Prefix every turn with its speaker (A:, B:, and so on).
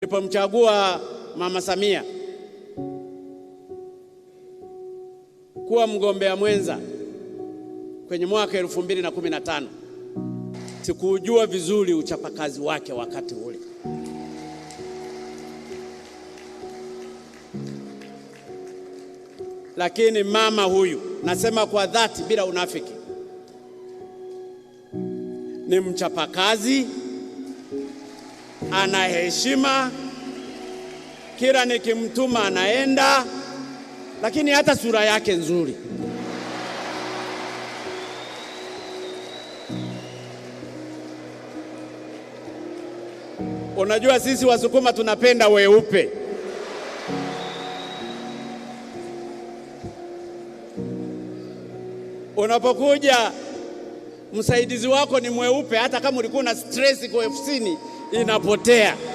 A: Tulipomchagua Mama Samia kuwa mgombea mwenza kwenye mwaka 2015 sikujua vizuri uchapakazi wake wakati ule. Lakini mama huyu, nasema kwa dhati bila unafiki, ni mchapakazi ana heshima, kila nikimtuma anaenda, lakini hata sura yake nzuri. Unajua sisi Wasukuma tunapenda weupe. Unapokuja msaidizi wako ni mweupe, hata kama ulikuwa na stress kwa ofisini inapotea.